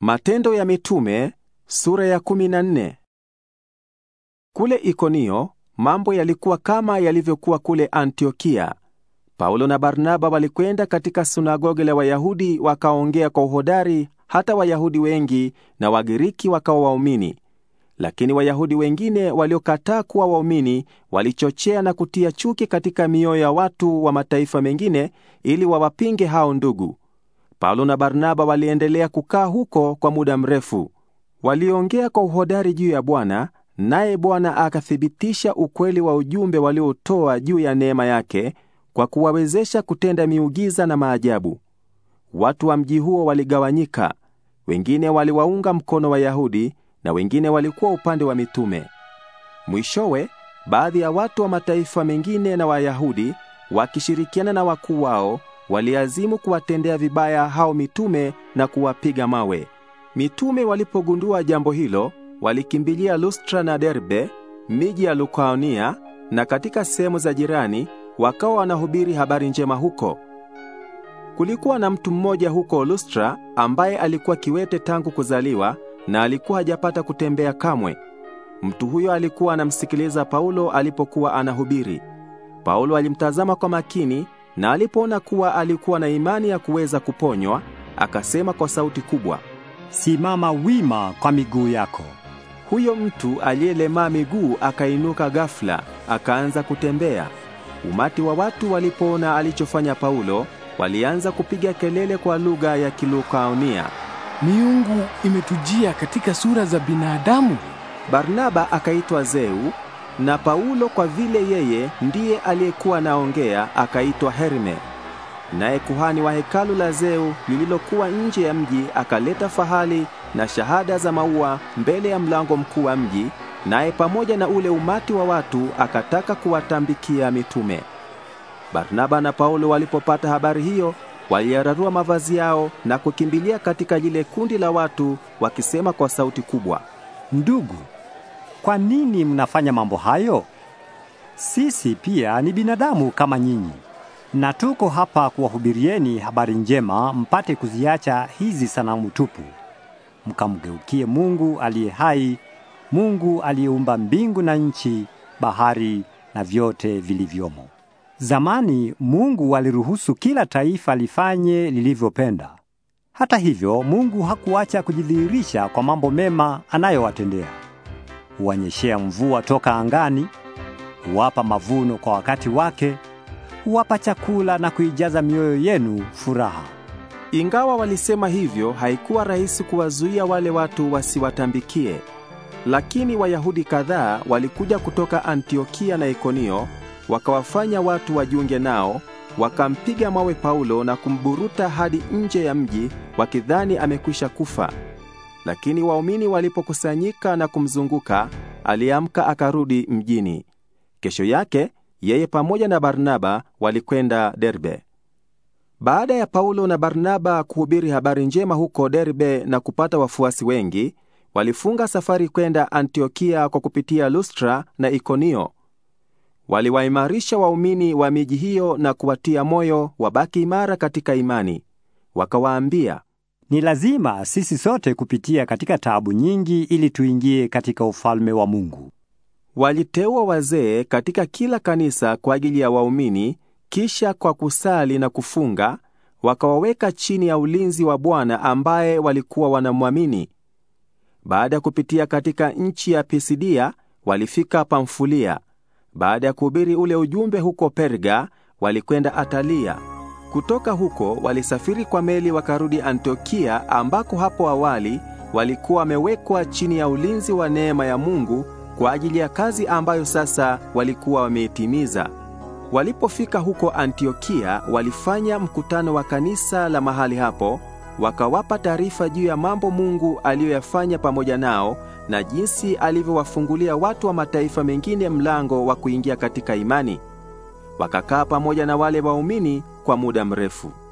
Matendo ya Mitume sura ya kumi Kule Ikonio mambo yalikuwa kama yalivyokuwa kule Antiokia. Paulo na Barnaba walikwenda katika sunagoge la Wayahudi wakaongea kwa uhodari hata Wayahudi wengi na Wagiriki wakawa waumini. Lakini Wayahudi wengine waliokataa kuwa waumini walichochea na kutia chuki katika mioyo ya watu wa mataifa mengine ili wawapinge hao ndugu. Paulo na Barnaba waliendelea kukaa huko kwa muda mrefu. Waliongea kwa uhodari juu ya Bwana, naye Bwana akathibitisha ukweli wa ujumbe waliotoa juu ya neema yake kwa kuwawezesha kutenda miujiza na maajabu. Watu wa mji huo waligawanyika, wengine waliwaunga mkono Wayahudi na wengine walikuwa upande wa mitume. Mwishowe, baadhi ya watu wa mataifa mengine na Wayahudi wakishirikiana na wakuu wao waliazimu kuwatendea vibaya hao mitume na kuwapiga mawe. Mitume walipogundua jambo hilo, walikimbilia Lustra na Derbe, miji ya Lukaonia na katika sehemu za jirani, wakawa wanahubiri habari njema huko. Kulikuwa na mtu mmoja huko Lustra ambaye alikuwa kiwete tangu kuzaliwa na alikuwa hajapata kutembea kamwe. Mtu huyo alikuwa anamsikiliza Paulo alipokuwa anahubiri. Paulo alimtazama kwa makini na alipoona kuwa alikuwa na imani ya kuweza kuponywa, akasema kwa sauti kubwa, simama wima kwa miguu yako. Huyo mtu aliyelemaa miguu akainuka ghafula akaanza kutembea. Umati wa watu walipoona alichofanya Paulo, walianza kupiga kelele kwa lugha ya Kilukaonia, miungu imetujia katika sura za binadamu. Barnaba akaitwa Zeu na Paulo kwa vile yeye ndiye aliyekuwa naongea akaitwa Herme. Naye kuhani wa hekalu la Zeu lililokuwa nje ya mji akaleta fahali na shahada za maua mbele ya mlango mkuu wa mji, naye pamoja na ule umati wa watu akataka kuwatambikia mitume. Barnaba na Paulo walipopata habari hiyo, waliyararua mavazi yao na kukimbilia katika lile kundi la watu wakisema kwa sauti kubwa, Ndugu, kwa nini mnafanya mambo hayo? Sisi pia ni binadamu kama nyinyi, na tuko hapa kuwahubirieni habari njema, mpate kuziacha hizi sanamu tupu, mkamgeukie Mungu aliye hai, Mungu aliyeumba mbingu na nchi, bahari na vyote vilivyomo. Zamani Mungu aliruhusu kila taifa lifanye lilivyopenda. Hata hivyo, Mungu hakuacha kujidhihirisha kwa mambo mema anayowatendea huwanyeshea mvua toka angani, huwapa mavuno kwa wakati wake, huwapa chakula na kuijaza mioyo yenu furaha. Ingawa walisema hivyo, haikuwa rahisi kuwazuia wale watu wasiwatambikie. Lakini Wayahudi kadhaa walikuja kutoka Antiokia na Ikonio, wakawafanya watu wajiunge nao, wakampiga mawe Paulo na kumburuta hadi nje ya mji, wakidhani amekwisha kufa. Lakini waumini walipokusanyika na kumzunguka, aliamka akarudi mjini. Kesho yake yeye pamoja na Barnaba walikwenda Derbe. Baada ya Paulo na Barnaba kuhubiri habari njema huko Derbe na kupata wafuasi wengi, walifunga safari kwenda Antiokia kwa kupitia Lustra na Ikonio. Waliwaimarisha waumini wa miji hiyo na kuwatia moyo wabaki imara katika imani. Wakawaambia, ni lazima sisi sote kupitia katika taabu nyingi ili tuingie katika ufalme wa Mungu. Waliteua wazee katika kila kanisa kwa ajili ya waumini, kisha kwa kusali na kufunga wakawaweka chini ya ulinzi wa Bwana ambaye walikuwa wanamwamini. Baada ya kupitia katika nchi ya Pisidia, walifika Pamfulia. Baada ya kuhubiri ule ujumbe huko Perga, walikwenda Atalia. Kutoka huko walisafiri kwa meli wakarudi Antiokia ambako hapo awali walikuwa wamewekwa chini ya ulinzi wa neema ya Mungu kwa ajili ya kazi ambayo sasa walikuwa wameitimiza. Walipofika huko Antiokia, walifanya mkutano wa kanisa la mahali hapo, wakawapa taarifa juu ya mambo Mungu aliyoyafanya pamoja nao na jinsi alivyowafungulia watu wa mataifa mengine mlango wa kuingia katika imani. Wakakaa pamoja na wale waumini kwa muda mrefu.